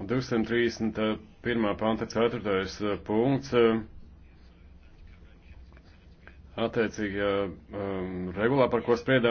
231. panta 4. Eh, punkts eh, attiecīgajā um, eh, regulā, par ko spriedām.